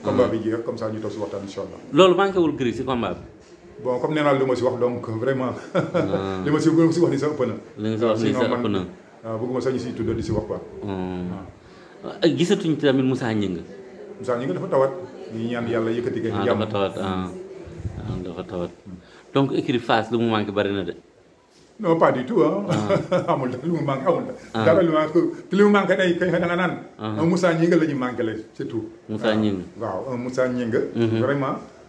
combat mm. bi jeex comme ça ñu toog si waxtaan incha loolu manqué wul Gris si combat bi. bon comme nee lu ma si wax donc vraiment. Ah. li ma si gën si wax ni sax ëpp na. li nga si wax ni sax ëpp na waaw ah, bëgguma sax ñu siy tudd di si wax quoi. waaw ah. gisatuñ tamit Moussa Gningue. Moussa Gningue dafa tawat. ñu ñaan yàlla yëkkati. ah dafa tawat ah dafa tawat donc écurie Fass lu mu manqué bari na de. non pas du tout ah. ah. amul lu mu manqué amul. dara ah. ah, lu manqué lu mu manqué day kay da nga naan. Moussa Gningue la ñu manqué la c'est tout. Moussa Gningue waaw Moussa Gningue. vraiment.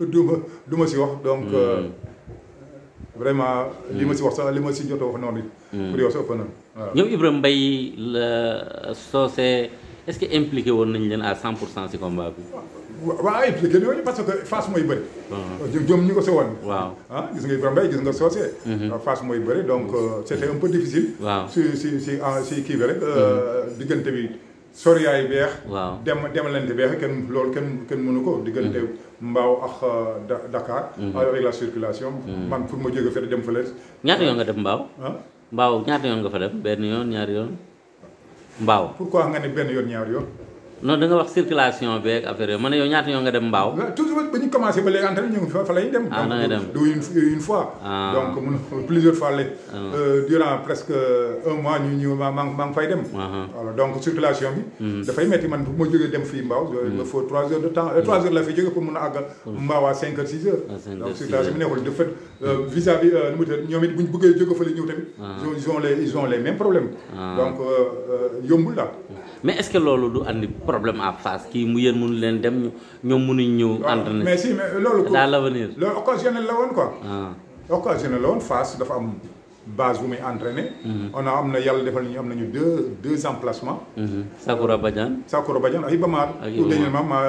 du ma du ma si wax donc hmm. euh, vraiment li ma si wax sax li ma si jot a wax noonu it hmm. pour yow sa ëpp na waaw ñoom Ibrahima Mbaye la impliqué woon nañ leen à cent pour cent si combat bi waaw impliqué ñooñu parce que face mooy bëri hmm. ñoom ñi ko sewoon waaw ah gis nga Ibrahima gis nga Socé ah, face mooy bëri donc euh, c'était un peu difficile si si si kii bi rek euh, diggante bi soriyaayu beex. waaw dem demalante beex kenn loolu kenn kenn mënu ko. diggante mm-hmm. Mbao ak euh, Dakar. Mm-hmm. avec la circulation. Mm-hmm. man pour ma jóge fële dem fa fële. ñaata yoon nga def Mbao. mbaaw Mbao ñaata yoon nga fa dem benn yoon ñaari yoon mbaaw pour pourquoi nga ne benn yoon ñaari yoon. non da nga wax circulation be ak affaire mané ma ne yow ñaata ñoo nga dem Mbaaw. toujours ba ñu commencé ba léegi antenne ñu fa lay dem. ah da une fois. Ah. donc mun plusieurs fois lay. Ah. Euh, durant presque un mois ñu ñu ma ma maa ngi fay dem. Ah, voilà donc circulation bi. Hmm. da fay metti man bu ma jógee dem fi Mbaaw. il me faut 3 heures de temps 3 euh, hmm. heures la fi joggé pour mun a hmm. Mbaaw à 5 heures 6 heures. donc circulation bi nekkul de fait vis à vis nu mu tëdd ñoom it bu ñu bëggee jóge fële ñëw tamit. ils ont les ils ont les mêmes problèmes. donc euh, yombul daal. mais est-ce que lolu du andi problème à face kii mu yéen mënu leen dem ñoom mënuñ ñëw. entraîner mais si mais loolu. daal l'avenir loolu occasionnel la woon quoi. Ah. occasionnel la woon face dafa am base bu muy entraîner. Mhm. on a am na yàlla defal ñu am nañu deux deux emplacements. Mhm. Sakura Badiane. Sakura Badiane ak Ibamar. ak Ibamar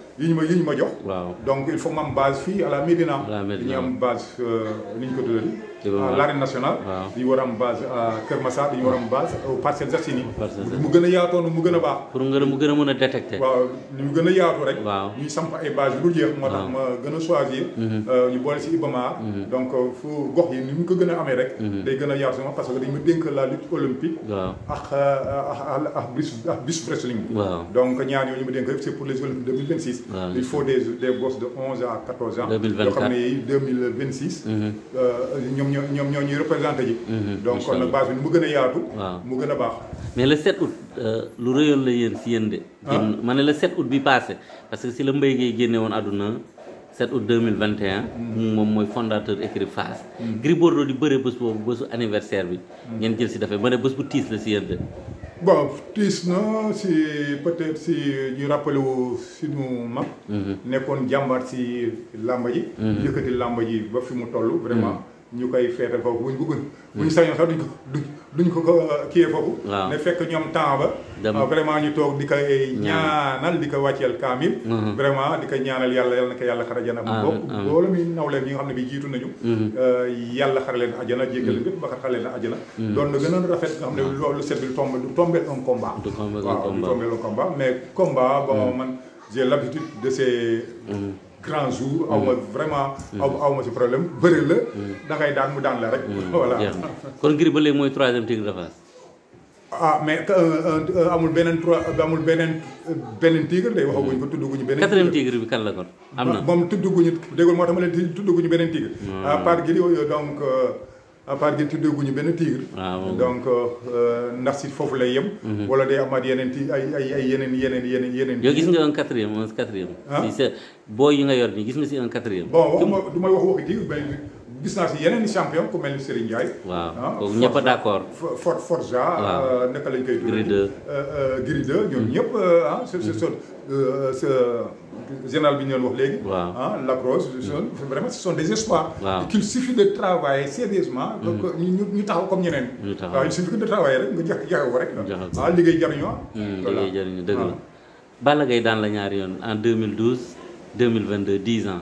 donc il faut que base à la Médina. Ah, l'arène nationale di war am base à euh, Kër Massar di war am base euh, au Parcelles Assainies mu gën a yaatoon mu gën a baax pour mu mu gën a détecter waaw ni mu gën a rek waaw samp ay base lu jeex moo tax ma gën choisir mhm. euh ñu bolé ci Ibamar mhm. donc euh, fu gox yi ni mu ko gën amé rek mhm. day gën a sama parce que dañ dañu dénk la lutte olympique ak ak ak bis bis wrestling donc ñaar yooyu ñu ma dénk yëpp c'est pour les Olympiques 2026 il faut des des gosses de 11 à 14 ans 2024 2026 euh 2026 ñoo ñoom ñoo ñuy représenté ji. Mhm, donc kon nag base bi mu gën yaatu. mu gëna baax. mais le 7 août euh, lu rëyoon la yéen si yéen de. Ah. génn le 7 août bi passé parce que si le Mbaye gay génne won aduna 7 août 2021. Mhm. moom moy fondateur écrit face mhm. gribordo di bëre bëss bobu bésu anniversaire bi. ñen jël ci dafa mané bëss bu tiss la ci yéen de. bon tiis na si peut-être si ñu rappelé wu suñu mag. nekkoon jàmbaar si làmba ji. yëkkati làmba ji ba fi mu toll vraiment. ñu koy feetal foofu bu ñu bëggoon. bu ñu sañoon sax duñ ko duñ ko ko euh, kiiyee foofu. waaw ne fekk ñoom temps ba. vraiment ñu toog di ko ñaanal di ko wàcceel kaamil. Hmm. vraiment di ko ñaanal yàlla yal na ko yàlla xare ajana. ah ah loolu mi naw ñi nga xam ne bi jiitu nañu. Hmm. Euh, yàlla xare leen ajana jéggal leen hmm. ba xare leen ajana. doon na gën a rafet nga xam ne loolu set bi du tombe du tombé un combat. du tombé un combat waaw du tombé un combat mais combat bon man j'ai l'habitude de grand jour. aw ma vraiment. aw ma ci problème bëri la. da ngay daan mu daan la rek. voilà kon Gris ba léegi mooy troisième tigre de ah mais euh, euh, euh, amul beneen trois beneen beneen tigre day waxaguñ ko ñu beneen. quatrième tigre bi kan la kon. am na moom tuddaguñu déggoo moo tax ma leen tuddaguñu beneen tigre. à ah. ah, part Gris donc. à part que tu dois gagner ben tigre ah, donc euh, euh, nasi fofu lay yam mhm. wala day amat yenen ti ay ay ay yenen yenen yenen yenen yo gis nga un 4e un 4e ah. si boy yi nga yor ni gis nga si un 4e bon duma wax wax tigre ben gis naa si yeneen champion ku mel ni Serigne Ndiaye. waaw ah, kooku ñëpp a d' accord For Forza. waaw euh, naka lañ koy. Gris 2 euh, euh, Gris 2 ñoom mm-hmm. ñëpp ah. c' est général bi ñu doon wax léegi. waaw ah Lacrosse. Mm-hmm. vraiment ce sont des espoirs. waaw qu'il suffit de travailler sérieusement. Mm-hmm. donc ñu ñu taxaw comme ñeneen. ñu taxaw waaw il suffit de travailler rek nga jax jaxewoo rek. Ah. jaxewoo ah liggéey jariñu ah. Mm, voilà liggéey jariñu dëgg la. Ah. Balla Gaye daan la ñaari yoon en 2012 2022 10 ans.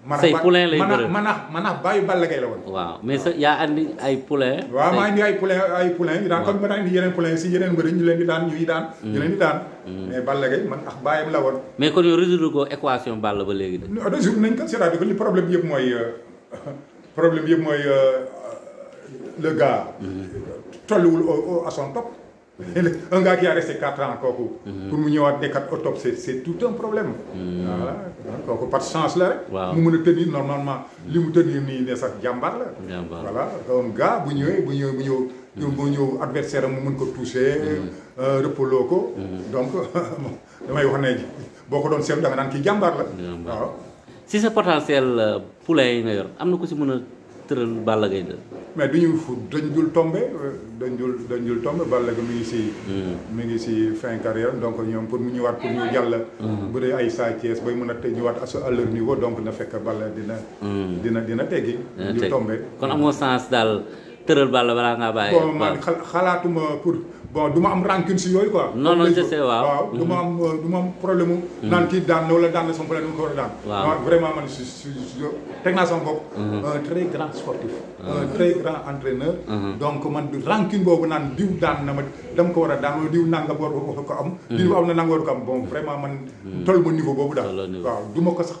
say poulain lay bëre manax manax bàyyi Balla Gaye la woon. waaw mais sa yaa andi ay poulain. waaw maa indi ay poulain ay poulain yu daan comme ma daan indi yeneen poulain si yeneen mbëri ñu leen di daan ñuy daan. ñu leen di daan. Mm-hmm. mais Balla man ax bàyyam la woon. mais kon yow résoudre ko équation Balla ba léegi de. résoudre nañ ko c'est-à-dire que li problème yëpp mooy euh, problème bi yëpp mooy euh, euh, le gars. Mm-hmm. tolluwul à son un gars qui a resté 4 ans kooku mhm. pour mu ñëwaat nekkat autopsie c'est tout un problème mhm. voilà kooku par chance là. rek mu mën tenir normalement li mu tenir nii ne sax jàmbaar la voilà un gars bu ñëwee bu ñëw bu ñëw bu mhm. ñëw adversaire am mu mën ko toucher euh, rëppaloo ko donc damay wax ne boo ko doon seetlu da nga naan kii jàmbaar la waaw si sa potentiel euh, poulain yi nga yor am na ko si mën a teural balla ngay de mais duñu dañ jul tomber dañ jul dañ jul tomber balla ngi ci mi ngi ci pun carrière donc ñom pour ñu wat pour ñu jall bu dé ay sa ties bay mëna tay ñu wat aso à leur niveau donc na fekk balla hmm. dina dina dina ya, téggi ñu tomber kon amo sens dal teural balla bala nga baye eh? bon man xalatuma pour bon duma am rancune ci yoy quoi. non non je sais waaw duma am euh, duma am problème mu. ki mhm. kii wala daan son problème mu ko wara a waaw vraiment man si si teg naa sama bopp. Mhm. un très grand sportif. Mhm. un très grand entraîneur. donc man du rancune boobu naan diw daan na ma dama ko wara a daan wala diw nangam war ko am. diw am na nangam war ko am bon vraiment man. tol mo niveau bobu daal. waaw duma ko sax.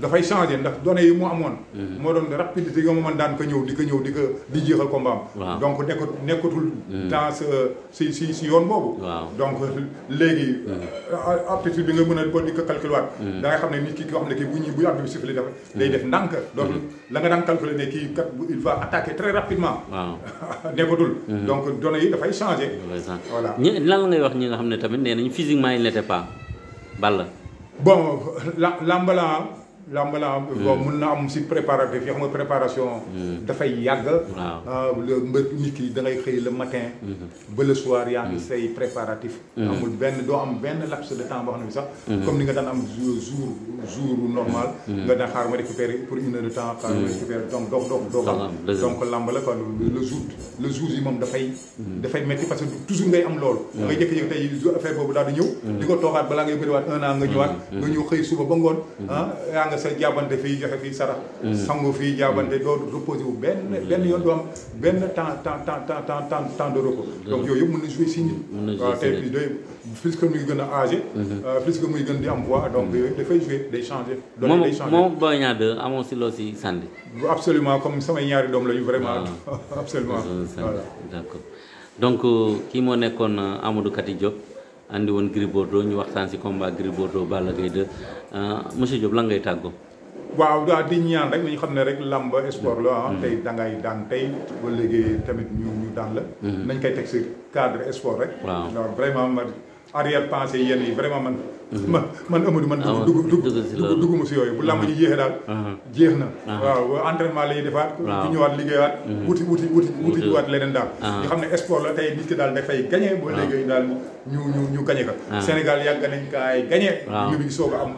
dafay changer ndax données yi mu amoon. Mm-hmm. moo doon rapidité yo mo man dan ko ñew di ko ñew di ko di jeexal combat donc nekkut nekkatul. Mm-hmm. dans sa si si si yoon donc légui mm-hmm. euh, aptitude bi nga mëna ko di ko calculer waat. da nga xamné ne nit ki ko xamné ne bu ñi bu yàgg bi sifflé dafa. day def ndank donc la nga dan calculer né ki kat il va attaquer très rapidement. nekotul donc données yi dafay changer voilà ñi lan ngay wax ñi nga xam tamit né nañ physiquement il n'était pas balle bon la làmb la am. Hmm. mun na am si préparatif yoo xam nga préparation. Hmm. dafay yàgg. waaw ah, le mbër nit ki da ngay xëy le matin. Hmm. ba le soir yaa ngi say préparatif. amul benn doo am benn laps de temps boo xam ne sax. comme ni nga daan am jour jour normal. nga daan xaar ma récupérer pour une heure de temps. xaar ma récupérer donc doog doog doog donc làmb kon le jour le jour yi moom dafay. dafay métti parce que toujours ngay am loolu. ngay jékki-jékki tey affaire boobu daal di ñëw. di ko toogaat balaa ngay bëriwaat un an nga ñëwaat. nga ñëw xëy suba ba ngoon. Ah, sa jaabante fii joxe fi sarax mm. sangu fi jaabante mm. do reposé wu ben benn yoon doo am ben temps temps temps temps temps temps temps de repos donc yooyu yëpp mën na joué si nit waaw tey plus day plus que muy gëna a âgé mm-hmm. euh, plus que muy gën di am voix donc yooyu dafay joué day changé doon day changé moom Boy Niang 2 amoon si loo si sànni absolument comme sama ñaari dom la ñu vraiment ah. absolument voilà d'accord donc euh, ki mo nekkoon euh, Amadou katidjo andi woon Gris Bordeaux ñu waxtaan si combat Gris Bordeaux Balla Gaye 2 euh, monsieur Diop lan ngay tàggoo. waaw daal di ñaan rek ñu xam ne rek lamb sport la ah. Mm-hmm. tey da ngay daan tey ba léegi tamit ñu ñu daan la. Mm-hmm. nañ koy teg si cadre sport rek. waaw vraiment arrière pensée yenn yi vraiment man. Mhm. man man Amadou man. dugg dugg dugg dugguma si yooyu bu làmb ji jeexee daal. Mhm. jeex na. Mhm. waaw entraînement la ñuy defaat. waaw ku ñëwaat liggéeyaat. wuti wuti wuti wuti waat leneen daal. ñu ah. xam ne sport la tey nit ki daal dafay gagné. waaw ba ah. léegi daal ñu ñu ñu gagné ko. Ah. Sénégal yàgg nañ kaay gagné. waaw ñu ngi soog a am.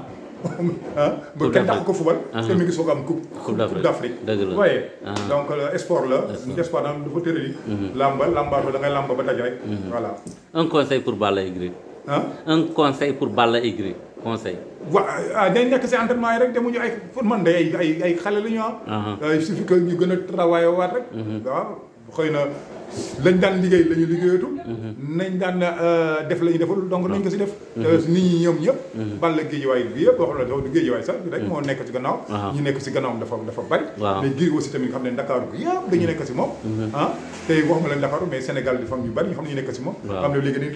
berkait dengan aku football, uh -huh. mungkin seorang kup d'Afrique. D'accord. Oui. Ah. Donc l'espoir là, c'est pas dans le côté lui. Mhm. Lamba, lamba, vous avez lamba pour tajay. Mhm. Voilà. Un conseil pour Bala Igri. Hein? Un conseil pour Bala Igri. Conseil. Wa dañ nek ci entraînement rek demu ñu ay man day ay ay xalé lu ñu am. Il suffit que ñu xëy na lañ daan liggéey la ñu liggéeyatu mhm. nañ daan euh, def la ñu deful donc nañ ko si def mhm. te nit ñi ñoom ñëpp mhm. Balla Guédiawaye bi yëpp wax la dafa Guédiawaye sax rek moo nekk si gannaaw ñu nekk si gannaawam dafa ne Ndakaaru bi yëpp dañu nekk si moom ah tey wax ma leen Ndakaaru mais Sénégal di fam ñu bari ñu xam ne ñu nekk si moom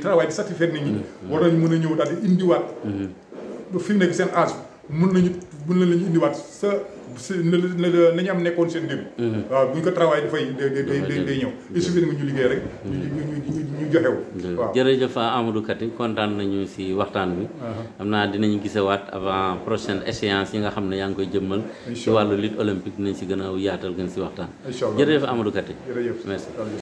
xam di satisfaire nit war nañ mën a ñëw indiwaat fi nekk seen âge mën nañu mën nañu indiwaat sa si na ñu am nekkoon seen début. Mm-hmm. waaw bu ñu ko travail dafay day day mm-hmm. day ñëw mm-hmm. il suffit nga ñu joxewu waaw jërëjëf Amadou kontaan nañu si waxtaan bi. Uh-huh. xam naa dinañu gisewaat avant prochaine échéance yi nga xam ne yaa ngi koy jëmmal. ci wàllu lutte olympique dinañ si gën a yaatal gën si waxtaan. incha allah jërëjëf Amadou Kati merci.